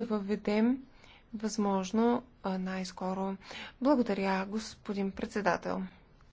да въведем възможно най-скоро. Благодаря, господин председател.